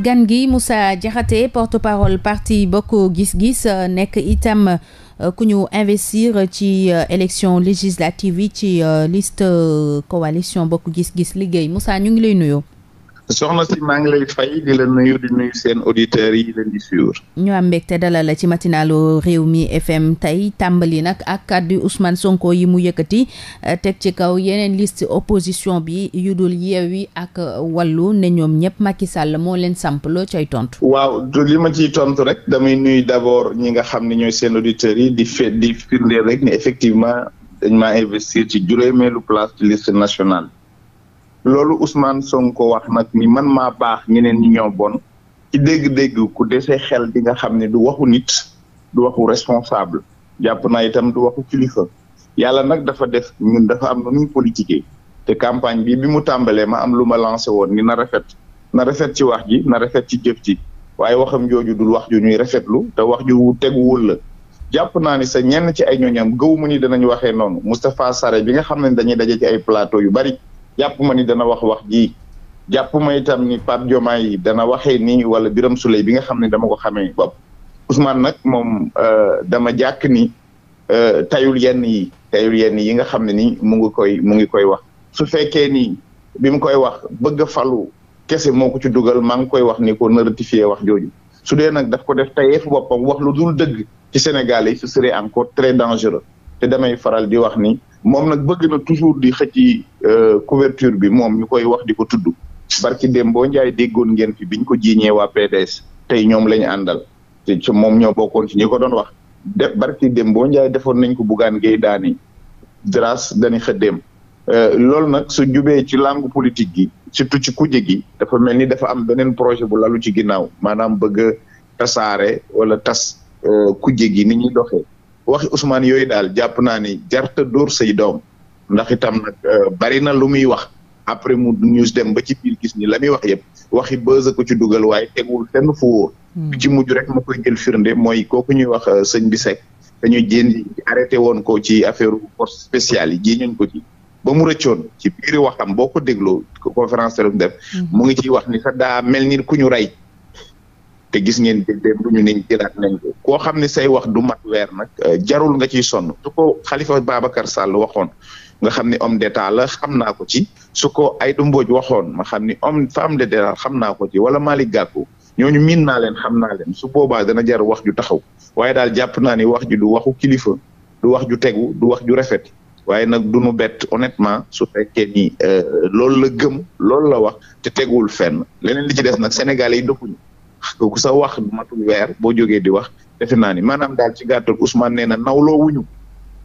gan gi Moussa Diakhaté porte-parole parti Bokk Gis Gis euh, nekk itam euh, ku ñu investir ci euh, élection législative yi ci liste coalition Bokk Gis Gis liggéey Moussa ñu ngi lay nuyoo soxna si maa ngi lay fay di la nuyu di nuyu seen auditeurs yi leen di suivre. ñu am mbégte la ci matinalu réew mi FM tey tàmbali nag ak kaddi Ousmane Sonko yi mu yëkkati eh, teg ci kaw yeneen liste opposition bi yu dul yi ak Wallu ne ñoom ñëpp Macky Sall moo leen samp loo cay tontu. waaw du li ma ciy tontu rek damay nuyu d'abord ñi nga xam ne ñooy seen auditeurs yi di fe rek ni effectivement dañ maa investir ci juróomeelu place ci liste nationale. loolu Ousmane ko wax nag ni man maa baax ñeneen ñi ñoo bon ci dégg-dégg ku dese xel di nga xam ne du waxu nit du waxu responsable jàpp naa itam du waxu kilifa yàlla nag dafa def dafa am nu muy politique te campagne bi bi mu tàmbalee ma am lu ma lancé woon ni na rafet na rafet ci wax ji na rafet ci jëf ji waaye waxam jooju dul wax ju ñuy rafetlu te wax ju teguwul la jàpp naa ni sa ñenn ci ay ñooñam gëw mu ni danañ waxee noonu Moustapha Sare bi nga xam ne dañuy daje ci ay plateau yu bari jàpp ma ni dana wax wax ji jàpp ma itam ni Pape yi dana waxee nii wala biram Souleye bi nga xam ne dama ko xamee bopp Ousmane nag moom euh, dama jàkk ni euh, tayul yenn yi tayul yenn yi nga xam ne ni mu ngi koy mu ngi koy wax su fekkee ni bi mu koy wax bëgg a falu kese moo ko ci dugal maa ngi koy wax ni ko na ratifié wax jooju su dee nag daf ko def tayeefu boppam wax lu dul dëgg ci Sénégal yi ce serait encore très dangereux te damay faral di wax ni moom nag bëgg na toujours di xëcci euh, couverture bi moom ñu koy wax di ko tudd barki dem boo njaay déggoon ngeen fi biñ ko jiiñee waa PDS tey ñoom la ñu àndal te ci moom ñoo bokkoon ci ko doon wax de barki dem boo njaay defoon nañ ko buggaan ngay daani dras dañi xëddeem euh, loolu nag su jubee ci langue politique gi surtout ci kuje gi dafa mel ni dafa am beneen projet bu lalu ci ginnaaw maanaam bëgg a wala tas euh, kuje gi ni ñuy doxee waxi Ousmane yooyu daal jàpp naa ni jarta dóor say doom ndax itam nag euh, bari na lu muy wax après mu news dem ba ci biir gis ni la muy wax yëpp waxi bës ko ci dugal waaye tegul fenn fu wóor hmm. ci mujj rek ma koy jël firnde mooy kooku ñuy wax euh, sëñ bi Seck dañu jéem arrêté woon ko ci affaire force spéciale yi jéeñoon ko ci ba mu rëccoon ci biir waxam boo ko dégloo conférence def hmm. mu ngi ci wax ni sax daa mel ni ku ñu rey te gis ngeen dég déem ñu niñ jëlaat ko koo xam ne say wax du mat weer nag euh, jarul nga ciy sonn su ko Khalifa Babacar Sall waxoon nga xam ni homme d'état la xam naa ko ci su ko Aïda Mbodj waxoon ma xam ni homme femme d'état xam naa ko ci wala Malick Gakou ñooñu miin naa leen xam naa leen su boobaa dana jar wax ju taxaw waaye daal jàpp naa ni wax ji du waxu kilifa du wax ju tegu du wax ju rafet waaye nag du nu bett honnêtement su fekkee ni euh, loolu la gëm loolu la wax te teguwul fenn leneen li ci des nag Sénégalais yi dëkkuñu kooku sa wax matul weer boo jógee di wax defe naa ni maanaam daal ci gàttal Ousmane nee na nawloo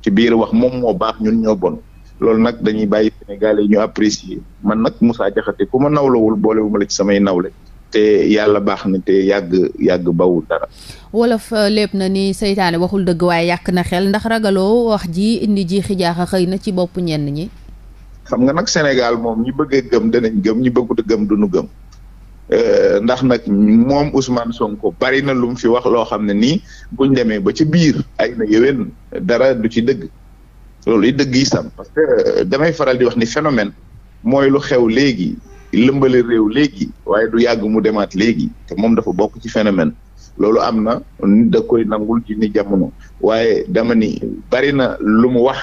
ci biir wax moom moo baax ñun ñoo bon loolu nag dañuy bàyyi Sénégalais yi ñu apprécier man nag Moussa Diakhaté ku ma nawlowul boolewu ma la ci samay nawle te yàlla baax na te yàgg yàgg bawul dara. wolof euh, lépp na ni seytaane waxul dëgg waaye yàq na xel ndax ragaloo wax ji indi ji xijaaxa xëy na ci bopp ñenn ñi. xam nga nag Sénégal moom ñi bëggee gëm danañ gëm ñi bëggut gëm duñu gëm. Euh, ndax nag moom Ousmane Sonko bari na lu mu fi wax loo xam ne nii buñ demee ba ci biir ay na yéwén dara du ci dëgg loolu yi dëgg yi sam parce que euh, damay faral di wax ni phénomène mooy lu xew léegi lëmbale réew léegi waaye du yàgg mu demaat léegi te moom dafa bokk ci phénomène loolu am na nit da koy nangul ci ni jamono waaye dama ni bari na lu mu wax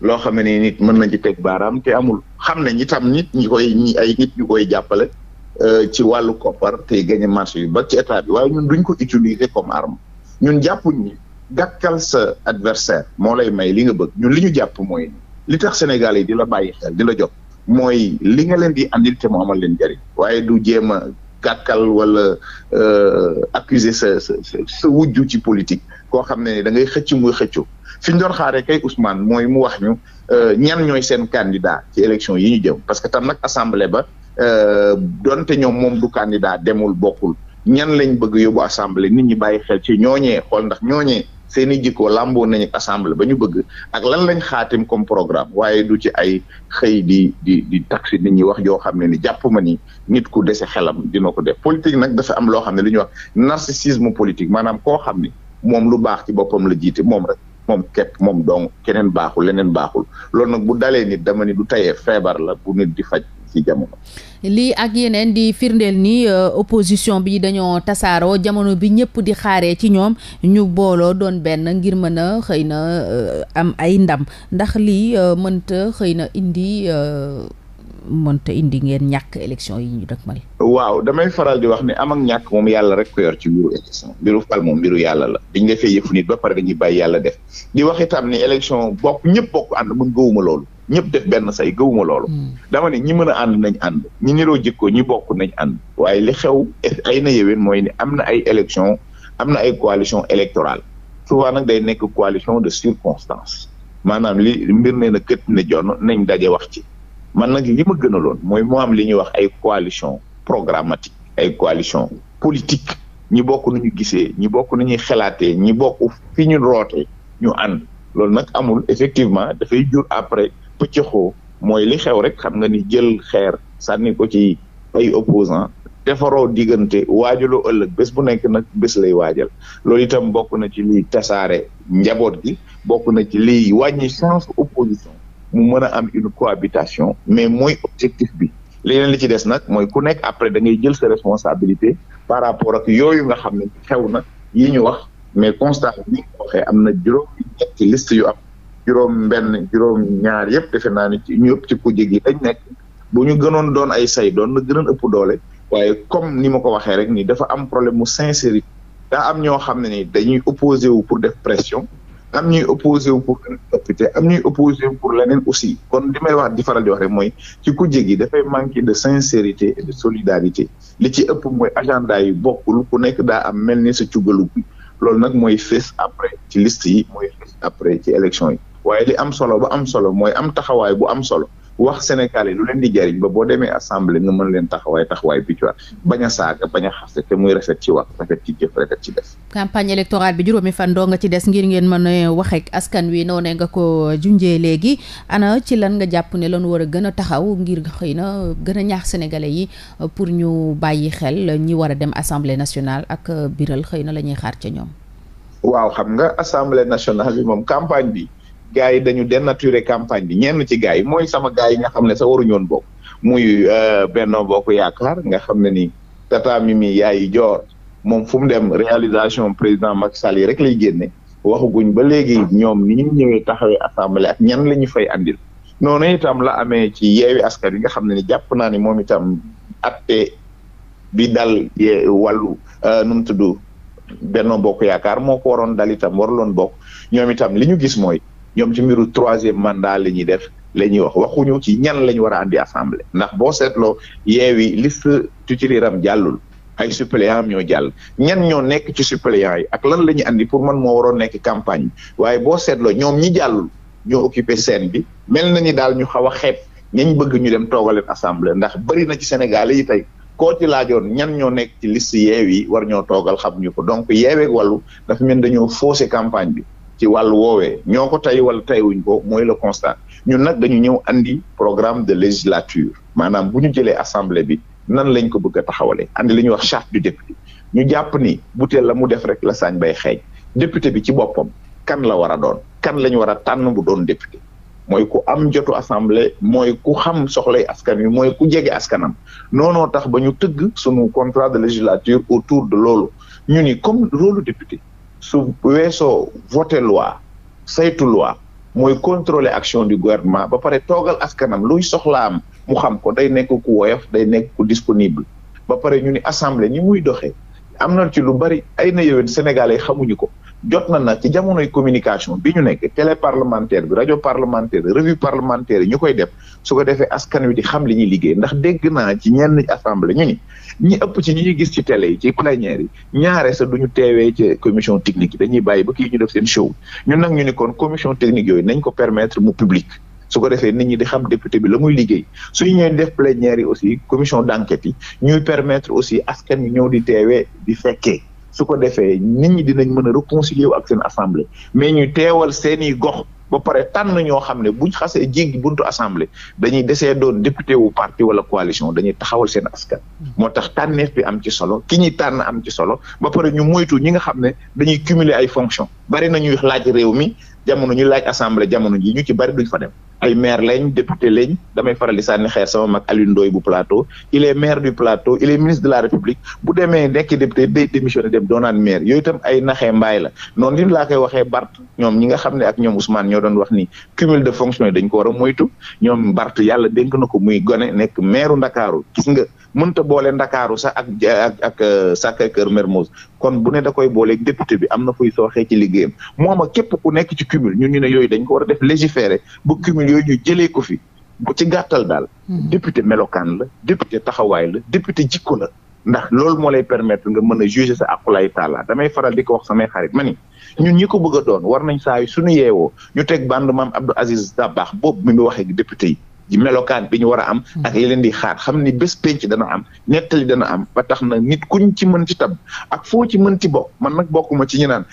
loo xam ne nit mën na ci teg baaraam te amul xam nañ ñitam nit ñi ay nit ñu koy jàppale Euh, ci wàllu koppar tey gagné marché yu bari ci état bi waaye ñun duñ ko utiliser comme arme ñun jàppuñ ni gàkkal sa adversaire moo lay may li nga bëgg ñun li ñu jàpp mooy li tax sénégal yi di la bàyyi xel di la jot mooy li nga leen di andil te moo amal leen jariñ waaye du jéem a gàkkal wala euh, accuser sa sa sa wujju ci politique koo xam ne da ngay xëcc muy xëccu fi ñu doon xaaree kay Ousmane mooy mu wax ñu euh, ñan ñooy seen candidat ci élection yi ñu jëm parce que tam nag assemblée ba Euh, donte ñoom moom du candidat demul bokkul ñan lañ bëgg yóbbu assemblée nit ñi bàyyi xel ci ñooñee xool ndax ñooñee seen i jikko làmboo nañu assemblée ba ñu bëgg ak lan lañ xaatim comme programme waaye du ci ay xëy di di di taxi nit ñi wax joo xam ne ni jàpp ma ni nit ku dese xelam dina ko def politique nag dafa am loo xam ne li ñuy wax narcissisme politique maanaam koo xam ni moom lu baax ci boppam la jiite moom rek moom képp moom dong keneen baaxul leneen baaxul loolu nag bu dalee nit dama ni du tayee feebar la bu nit di faj lii ak yeneen di firndeel ni euh, opposition bi dañoo tasaaroo jamono bi ñëpp di xaaree ci ñoom ñu booloo doon benn ngir mën a xëy na euh, am ay ndam ndax lii euh, mënta xëy na indi mënta indi ngeen ñàkk élection yi ñu dëkkmal. waaw damay faral di wax ne am ak ñàkk moom yàlla rek ko yor ci mbiru élection mbiru fal moom mbiru yàlla la dañ defee yëfu nit ba pare dañuy bàyyi yàlla def di wax itam ni élection bokk ñëpp bokk ànd mën gëwuma loolu. ñëpp def benn say gëwuma loolu. Hmm. dama ne ñi mën a ànd nañ ànd ñi niroo jëkkoo ñi bokk nañ ànd. waaye li xew ay na yeween mooy ne am na ay élection am na ay coalition électorale souvent nag day nekk coalition de circonstance maanaam li mbir nee na kët ne jonn nañ daje wax ci man nag li ma gënaloon mooy moo am li ñuy wax ay coalition programmatique ay coalition politique ñi bokk nu ñu gisee ñi bokk nu ñuy xalaatee ñi bokk fi ñu rootee ñu ànd loolu nag amul effectivement dafay jur après pëccëxoo mooy li xew rek xam nga ni jël xeer sànni ko ci ay opposant defaroo diggante waajaloo ëllëg bés bu nekk nag bés lay waajal loolu itam bokk na ci liy tasaare njaboot gi bokk na ci liy wàññi chance opposition mu mën a am une cohabitation mais mooy objectif bi leneen li ci des nag mooy ku nekk après da jël sa responsabilité par rapport ak yooyu nga xam ne xew na yi ñu wax mais constat bi waxee am na juróomi ñetti liste yu am juróom benn juróom ñaar yëpp defe naa ni ci ñu yëpp ci kujje gi dañ nekk bu ñu gënoon doon ay say doon na gënoon ëpp doole waaye comme ni ma ko waxee rek ni dafa am problème mu sincérité daa am ñoo xam ne ni dañuy opposé wu pour def pression am ñuy opposé wu pour opité am ñuy opposé wu pour leneen aussi kon li may wax di faral di wax rek mooy ci kujje gi dafay manqué de sincérité et de solidarité li ci ëpp mooy agenda yi bokkul ku nekk daa am mel ni sa cugalu bi loolu nag mooy fés après ci liste yi mooy fés après ci élection yi waaye li am solo ba am solo mooy am taxawaay bu am solo wax Sénégal yi lu leen di jariñ ba boo demee assemblée nga mën leen taxawaay taxawaay bi ci war bañ a saaga a xaste te muy rafet ci wax rafet ci jëf bi juróomi fan nga ci des ngir ngeen mën a wax askan wi noonee nga ko junjee léegi ana ci lan nga jàpp ne lan war a gën a taxaw ngir xëy na gën a ñaax sénégalais yi pour ñu bàyyi xel ñi war a dem assemblée nationale ak biral xëy na la ñuy xaar ca ñoom. waaw xam nga assemblée nationale bi moom campagne bi. gars yi dañu dénaturer campagne bi ñenn ci gars yi mooy sama gars yi nga xam ne sa waruñu woon bokk muy euh, Benno Bokk Yaakaar nga xam ne ni tata mi yaayi joor moom fu mu dem réalisation président Macky Sall yi rek lay génne waxaguñ ba léegi ñoom ni ñu ñëwee taxawee assemblée ak ñan la ñu fay andil noonu itam la amee ci yeewi askan yi nga xam ne ni jàpp naa ni moom itam atte bi dal wàllu euh, nu mu tudd Benno Bokk Yaakaar moo ko waroon dalitam itam waruloon bokk ñoom itam li ñu gis mooy ñoom ci mbiru troisième mandat la ñuy def la ñuy wax waxuñu ci ñan la ñu war a andi assemblée ndax boo seetloo yeewi liste tutiliram jàllul ay suppléant am ñoo jàll ñan ñoo nekk ci suppléant yi ak lan la ñu andi pour man moo waroon nekk campagne waaye boo seetloo ñoom ñi jàllul ñoo occupé scène bi mel na ni daal ñu xaw a xeeb ñañ bëgg ñu dem toogaleen assemblée ndax bëri na ci Sénégal yi tey koo ci laajoon ñan ñoo nekk ci list yeew yi war ñoo toogal xam ñu ko donc yeeweeg wàllu dafa mel dañoo faussé campagne bi ci wàllu woowe ñoo ko tey wala teyuñ ko mooy la constat ñun nag dañu ñëw andi programme de législature maanaam bu ñu jëlee assemblée bi nan lañ ko bëgg a taxawalee andi li ñuy wax charte du député ñu jàpp ni butéel la mu def rek la sañ bay xeeñ député bi ci boppam kan la war a doon kan la ñu war a tànn bu doon député mooy ku am jotu assemblée mooy ku xam soxlay askan wi mooy ku jege askanam noonoo tax ba ñu tëgg sunu contrat de législature autour de loolu ñu ni comme rôle député su weesoo voté loi saytu loi mooy contrôler action du gouvernement ba pare toogal askanam luy soxlaam mu xam ko day nekk ku woyof day nekk ku disponible ba pare ñu ni assemblée ñi muy doxee am na ci lu bari ay na yowén sénégalais xamuñu ko jot na nag ci jamonoy communication bi ñu nekk télé parlementaire bi rajo parlementaire revue parlementaire yi ñu koy def su ko defee askan wi di xam li ñuy liggéey ndax dégg naa ci ñenn assemblée ñu ni ñi ëpp ci ñi ñuy gis ci télé yi ci plénière yi ñaare sa duñu teewee ci commission technique yi dañuy bàyyi ba kii ñu def seen show ñun nag ñu ni kon commission technique yooyu nañ ko permettre mu public su ko defee nit ñi di xam député bi la muy liggéey su ñëwee def plénière yi aussi commission d'enquête yi ñuy permettre aussi askan wi ñëw di teewee di fekkee su ko defee nit ñi dinañ mën a réconcilier wu ak seen assemblée mais ñu teewal seeni gox ba pare tànn ñoo xam ne buñ xasee jéggi buntu assemblée dañuy desee doon député wu parti wala coalition dañuy taxawal seen askan. moo tax tànneef bi am ci solo ki ñuy tànn am ci solo ba pare ñu moytu ñi nga xam ne dañuy cumuler ay fonction bari na ñuy laaj réew mi jamono ñu laaj assemblée jamono ji ñu ci bari duñ fa dem. ay maire lañ député lañ damay faral di sànni xeer sama mag Alioune Ndoye bu plateau il est maire du plateau il est ministre de la république bu demee nekk député day démissionné dem doonaan maire yooyu itam ay naxee mbaay la noonu li laa koy waxee Bart ñoom ñi nga xam ne ak ñoom Ousmane ñoo doon wax ni cumul de fonction yi dañ ko war a moytu ñoom Bart yàlla dénk na ko muy gone nekk maireu Ndakaaru gis nga mënta boole Ndakaaru sax ak ak ak euh, Sacré-Cœur Mermoz kon bu ne da koy booleeg député bi am na fuy sooxee ci liggéeyam moom ak képp ku nekk ci cumul ñun ñu ne yooyu dañ ko war a def yooyu ñu jëlee ko fi bu ci gàttal daal. Hmm. député melokaan la député taxawaay la député jikko la. ndax loolu moo lay permettre nga mën a juger sa akulaay taala damay faral di ko wax samay xarit ma ni ñun ñi ko bëgg a doon war nañ saa yu suñu yeewoo ñu teg band maam Abdou Aziz Dabakh boobu mi mu waxee député yi. melokaan bi ñu war am. Hmm. ak yi leen di xaar xam ni bes penc dana am nettali dana am ba tax na nit kuñ ci mën ci tab ak foo ci mën ci bokk man nag bokkuma ci ñu naan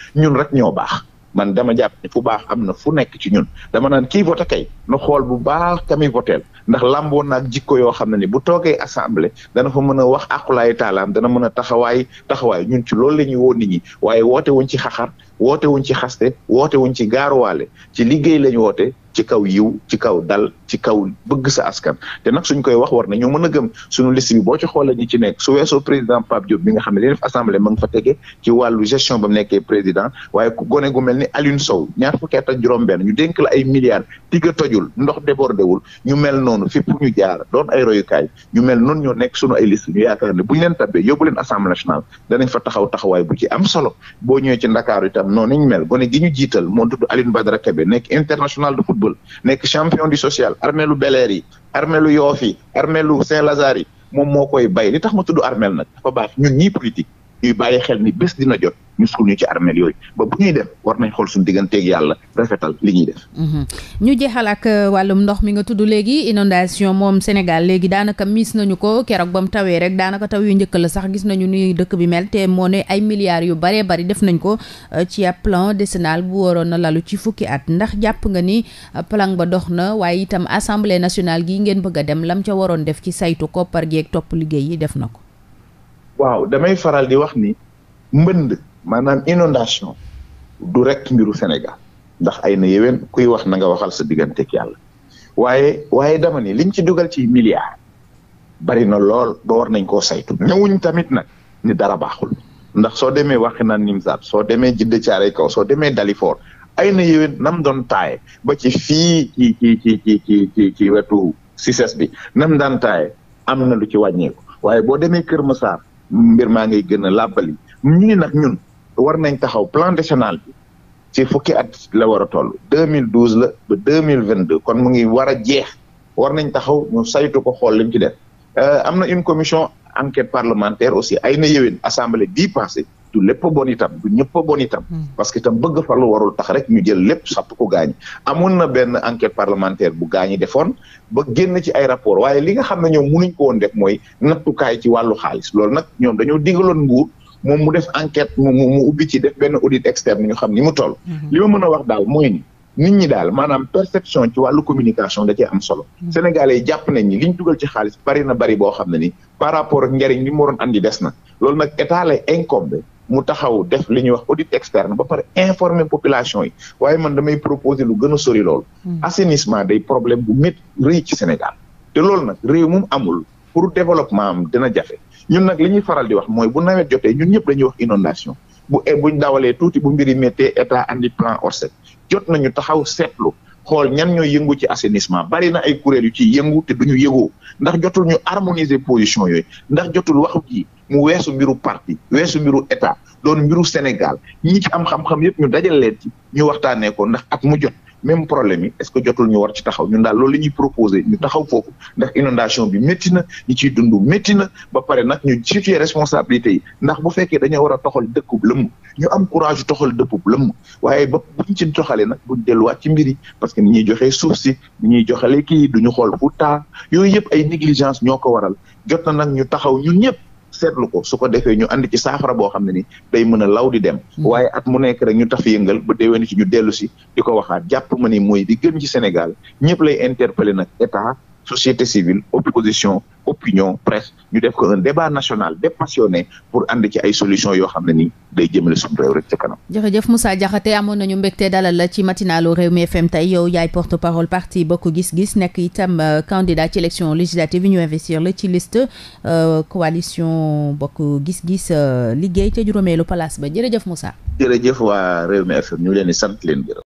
man dama jàpp ne fu baax am na fu nekk ci ñun dama naan kii voté kay na xool bu baax kami voteel ndax lamboo naag jikko yoo xam ne ni bu toogee assemblée dana fa mën a wax aqulaayi taalaam dana mën a taxawaay taxawaay ñun ci loolu la ñuy woo nit ñi waaye woote wuñ ci xaxar woote wuñ ci xaste woote wuñ ci gaaruwaale ci liggéey lañ woote ci kaw yiw ci kaw dal ci kaw bëgg sa askan te nag suñ koy wax war na ñoo mën a gëm suñu liste bi boo ci xoolee ñi ci nekk su weesoo président Pape Diop mi nga xam ne def assemblée ma nga fa tegee ci wàllu gestion ba mu nekkee président waaye ku gone gu mel ni alin Sow ñaar fukki at ak juróom-benn ñu dénk ay milliards tigga tojul ndox débordé wul ñu mel noonu fi pour ñu jaar doon ay royukaay ñu mel noonu ñoo nekk sunu ay liste ñu yaakaar ne bu leen tabbee yóbbu leen assemblée nationale danañ fa taxaw taxawaay bu am solo boo ñëwee ci Ndakaaru itam noonu ñu moo tudd Alioune Badara Kébé nekk football nekk champion du social armée lu Bel Air yi armée lu Yoff yi armée lu Saint-Lazare yi moom moo koy bay li tax ma tudd armée nag dafa baax ñun ñii politique ñuy bàyyi xel ni bés dina jot ñu suul ñu ci armeel yooyu ba bu ñuy dem war nañ xool suñu digganteeg yàlla rafetal li ñuy def. Mhm. ñu jeexal ak euh, wàllum ndox mi nga tudd léegi inondation moom Sénégal léegi daanaka miis nañu ko keroog ba mu tawee rek daanaka taw yu njëkk la sax gis nañu ni dëkk bi mel te moo ne ay milliards yu baree bari def nañ ko euh, ci plan décennal bu waroon na lalu ci fukki at ndax jàpp nga ni euh, plan ba dox na waaye itam assemblée nationale gi ngeen bëgg a dem lam ca waroon def ci saytu koppar gi topp liggéey yi def na ko. maanaam inondation du rek mbiru Sénégal ndax ay na yéwén kuy wax na nga waxal sa digganteeg yàlla waaye waaye dama ni liñ ci dugal ci milliards bari na lool ba war nañ ko saytu ñëwuñ tamit nag ni dara baaxul ndax soo demee waxi naan Nimzaat soo demee Jidda Caaray kaw soo demee Dalifor ay na yéwén nam doon taaye ba ci fii ci ci ci ci ci ci wetu CICES bi nam daan taaye am na lu ci wàññeeku waaye boo demee Kër Massar mbir maa ngay gën a làbbali ñu ni nag ñun war nañ taxaw plan décennal bi ci fukki at la war a mille 2012 la ba 2022 kon mu ngi war a jeex war nañ taxaw ñu saytu ko xool li mu ci def euh, am na une commission enquête parlementaire aussi ay na yéwén assemblée bii passé du lépp a bon du ñëpp a itam. Hmm. parce que itam bëgg fa lu warul tax rek ñu jël lépp sapp ko gaañ. amoon na benn enquête parlementaire bu gaañi defoon ba génn ci ay rapport waaye li nga xam ne ñoom mënuñ ko woon def mooy nattukaay ci wàllu xaalis loolu nag ñoom dañoo digaloon nguur. moom mu def enquête mu mu ubbi ci def benn audit externe ñu xam ni mu toll. Mhm. li ma mën a wax daal mooy ni nit ñi daal maanaam perception ci wàllu communication da cee am solo. Mhm. Sénégalais yi jàpp nañ ni li ñu dugal ci xaalis bari na bari boo xam ne ni par rapport ak njariñ li mu waroon andi des na loolu nag état lay incombé. mu taxaw def li ñuy wax audit externe ba pare informer population yi waaye man damay proposer lu gën a sori loolu. Mhm. assainissement day problème bu métti rëy ci Sénégal. te loolu nag réew moom amul pour développement am dina jafe ñun nag li ñuy faral di wax mooy bu nawet jotee ñun ñëpp dañuy wax inondation bu e buñ dawalee tuuti bu mbiri méttee état andi or ORSEC jot nañu taxaw seetlu xool ñan ñooy yëngu ci assenissement bari na ay kuréel yu ci yëngu te duñu yëgoo ndax jotul ñu harmoniser position yooyu ndax jotul wax ji mu weesu mbiru parti weesu mbiru état doon mbiru Sénégal ñi ci am xam-xam yëpp ñu dajal leen ci ñu waxtaanee ko ndax at mu jot même problème yi est-ce que jotul ñu war ci taxaw ñun daal loolu la ñuy ñu taxaw foofu ndax inondation bi métti na ñu ciy dund métti na ba pare nag ñu situer responsabilité yi ndax bu fekkee dañoo war a toxal dëkkub lëmm ñu am courage toxal dëkkub lëmm waaye ba buñ ci toxalee nag buñ delluwaat ci mbir yi parce que ni ñuy joxee suuf si ni ñuy joxalee kii duñu xool fu taa yooyu yëpp ay négligence ñoo ko waral jot na nag ñu taxaw ñun ñëpp seetlu ko su ko defee ñu ànd ci saafara boo xam ne ni day mën a law di dem hmm. waaye at mu nekk rek ñu taf yëngal ba déwén ci ñu dellu si di ko waxaat jàpp ma ni mooy di gën ci Sénégal ñëpp lay interpeller nag état société civile opposition opinion ñu def ko un débat national dépassionné pour ànd ci ay solutions yoo xam ne ni day jëmale suñu réew rek ca kanam. jërëjëf Moussa Diakhaté amoon nañu mbégte dalal la ci matinalu Rewmi FM tey yaay porte parole parti Bokk Gis Gis nekk itam euh, candidat ci élection législative yi ñu investir la ci liste euh, coalition Bokk Gis Gis euh, liggéey ca juróomeelu palaas ba jërëjëf Moussa. jërëjëf waa Rewmi FM ñu leen di sant leen gërëm.